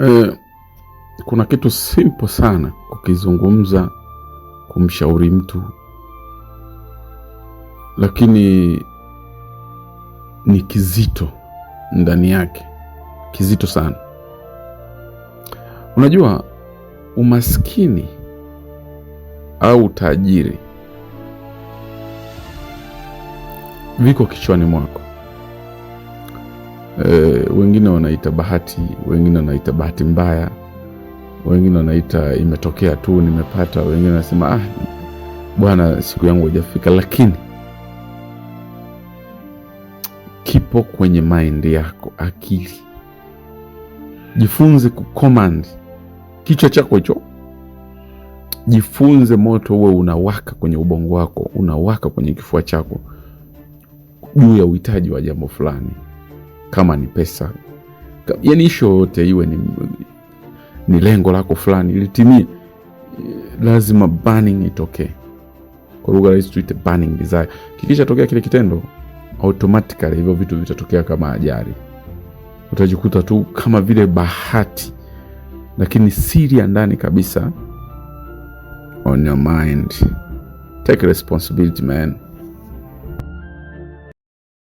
E, kuna kitu simple sana kukizungumza, kumshauri mtu, lakini ni kizito ndani yake, kizito sana. Unajua, umaskini au utajiri viko kichwani mwako eh, wengine wanaita bahati, wengine wanaita bahati mbaya, wengine wanaita imetokea tu, nimepata. Wengine wanasema ah, bwana, siku yangu haijafika. Lakini kipo kwenye maindi yako, akili. Jifunze kucommand kichwa chako hicho Jifunze moto huwe unawaka kwenye ubongo wako, unawaka kwenye kifua chako juu ya uhitaji wa jambo fulani kama ni pesa, yaani isho yoyote iwe ni, ni lengo lako fulani litimie, lazima burning itokee. Kwa lugha rahisi tuite burning desire. tokea kile kitendo, automatically hivyo vitu vitatokea kama ajali. Utajikuta tu kama vile bahati, lakini siri ya ndani kabisa, on your mind, take responsibility man.